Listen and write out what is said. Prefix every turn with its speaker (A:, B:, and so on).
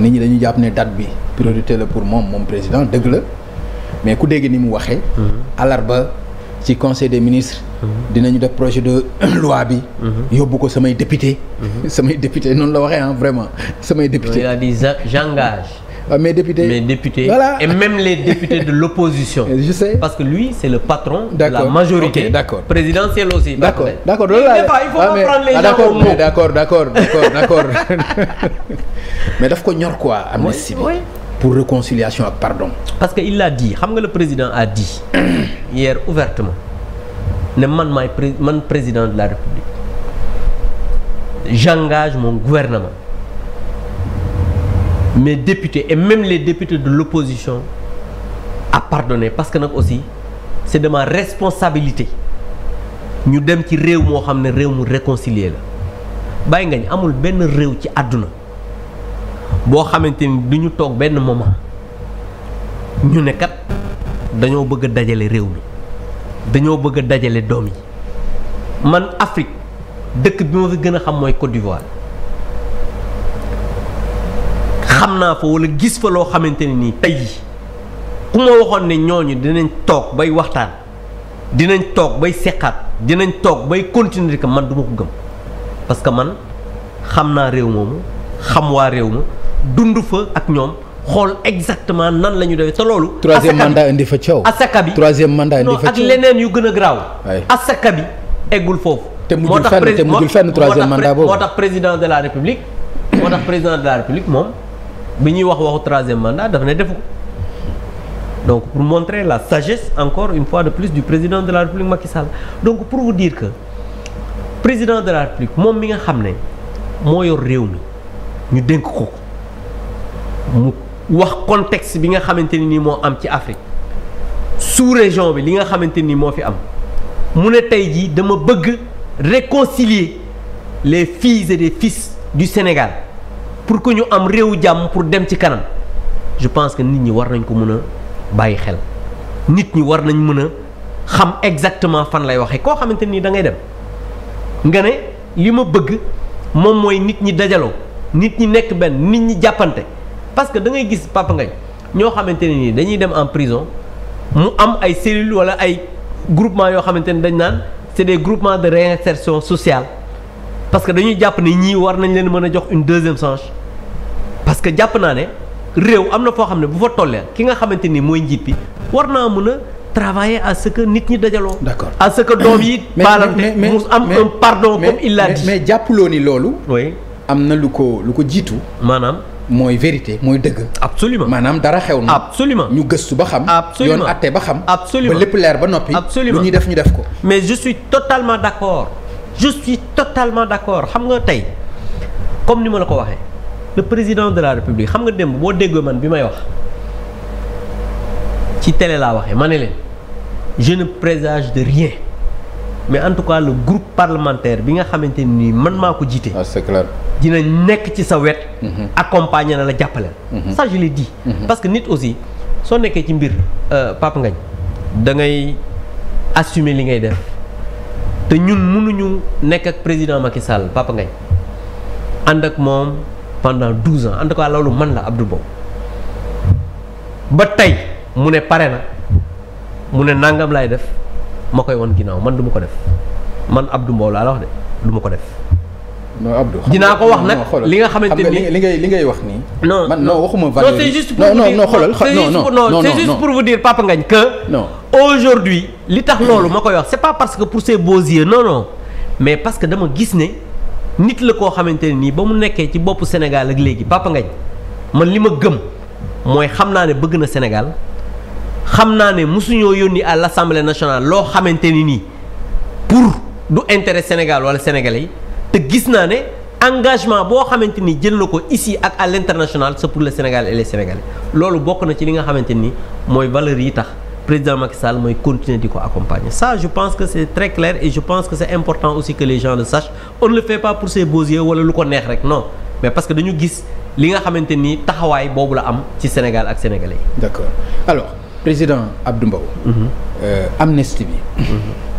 A: nit ñi dañu jàpp ne date bi priorité la pour moom moom président dëgg la mais ku dégg ni mu waxee. Mhm. ba ci conseil des ministres. Mhm. dinañu def projet de loi bi. Mhm. yóbbu ko samay député. samay député noonu la waxee ah vraiment samay
B: député. il a dit j'engage. ah, mes députés mes députés voilà. et même les députés de l'opposition parce que lui c'est le patron de la majorité okay, d'accord présidentielle aussi d'accord d'accord loolu laa il faut pas ah, prendre ah, d'accord
A: d'accord d'accord d'accord
B: mais daf ko ñor quoi amnistie
A: pour réconciliation ak pardon
B: parce que il l'a dit xam nga le président a dit hier ouvertement ne man maay man président de la république j'engage mon gouvernement mais députés et même les députés de l'opposition à pardonner parce que nag aussi c'est de ma responsabilité ñu dem ci réew moo xam ne réew mu réconcilier la bàyyi ngañ amul benn réew ci àdduna boo xamante ni du ñu toog benn moment ñu ne kat dañoo bëgg dajale réew mi dañoo bëgg a dajale doom yi man Afrique dëkk bi ma fi gën a xam mooy Côte d'Ivoire xam naa fa wala gis fa loo xamante ne nii tey ku ma waxoon ne ñooñu dinañ toog bay waxtaan dinañ toog bay seqaat dinañ toog bay continuer que man du ma ko gëm parce que man xam naa réew moomu xam waa réew ma dund fa ak ñoom xool exactement nan la ñu defee te loolu. troisième mandat indi fa
A: coow asaka bi troisième mandat indi fa coow ak leneen
B: yu gën a garaaw. asaka bi eggul foofu. te mujjul fenn te mujjul fenn troisième mandat moo tax président de la république. moo tax président de la république bi ñuy wax waxu troisième mandat dafa ne defu ko donc pour montrer la sagesse encore une fois de plus du président de la République ki Sall donc pour vous dire que président de la République moom mi nga xam ne moo yor réew mi ñu dénk ko mu wax contexte bi nga xamante ni moo am ci Afrique sous région bi li nga xamante ni moo fi am mu ne tey jii dama bëgg réconcilier les filles et les fils du Sénégal pour que ñu am réewu jàmm pour dem ci kanam je pense que nit ñi war nañ ko mën a bàyyi xel nit ñi war nañ mën a xam exactement fan lay waxee koo xamante nii da ngay dem nga ne li ma bëgg moom mooy nit ñi dajaloo nit ñi nekk benn nit ñi jàppante parce que da ngay gis Papa Ngagne ñoo xamante ne nii dañuy dem en prison mu am ay cellules wala ay groupement yoo xamante ni dañ naan c'est des groupements de réinsertion sociale parce que dañuy jàpp ne ñii war nañ leen mën a jox une deuxième chance parce que jàpp naa ne réew am na foo xam ne bu fa tollee ki nga xamante ni mooy njiit bi war naa mën a travailler à ce que nit ñi dajaloo. d'accord à ce que doom yi. baalante mu am
A: un pardon comme il l'a mais jàppuloo ni loolu. oui am na lu ko lu ko jiitu. maanaam. mooy vérité mooy dëgg. absolument maanaam dara xew na. absolument ñu gëstu ba xam. absolument yoon àtte
B: ba xam. absolument ba lépp leer ba noppi. absolument lu ñuy def ñu def ko. mais je suis totalement d'accord je suis totalement d'accord xam nga tey comme ni ma la ko waxee. le président de la république xam nga démb boo déggoo man bi may wax ci télé laa waxee ma ne leen jeune ne présage de rien mais en tout cas le groupe parlementaire bi nga xamante ni man maa ko jiite. Ah, c'est clair dina nekk ci sa wet. Mhm. accompagner na la jàppale mhm. ça je l'ai dit. Mhm. parce que nit aussi soo nekkee ci mbir euh, Pape Ngagne da ngay assumer li ngay def te ñun mënuñu nekk ak président Macky Sall Pape Ngagne ànd ak moom. pendant douze ans en tout cas loolu man la Abdou Mbow ba tey mu ne pare na mu ne nangam laay def ma koy won ginnaaw man du ma ko def man Abdou Mbow laa la wax de du ma ko def.
A: non Abdou dinaa ko wax nag li nga xamante ni li ngay li ngay wax
B: nii. non man noo waxuma valeur non c'est juste pour vous dire non non c'est juste pour vous Papa Ngagne que. aujourd'hui li tax loolu mm-hmm. ma koy wax c'est pas parce que pour ses beaux yeux mais parce que dama gis ne. nit la koo xamante ne nii ba mu nekkee ci boppu Sénégal ak léegi Papa man li ma gëm mooy xam naa ne bëgg na Sénégal xam naa ne mosuñoo yónni à l'Assemblée nationale loo xamante ni nii pour du intere Sénégal wala sénégalais yi te gis naa ne engagement boo xamante ni jël na ko ici ak à l'international c'est pour le Sénégal et les loolu bokk na ci li nga xamante ni mooy valeur yi tax président Macky Sall mooy continuer di ko accompagner ça je pense que c'est très clair et je pense que c'est important aussi que les gens le sachent on ne fait pas pour ses beaux wala lu ko neex rek non mais parce que dañu gis li nga xamante ni taxawaay boobu la am ci Sénégal ak sénégalais yi. d'accord alors président Abdou
A: Mbow. Mm -hmm. bi. Mhm.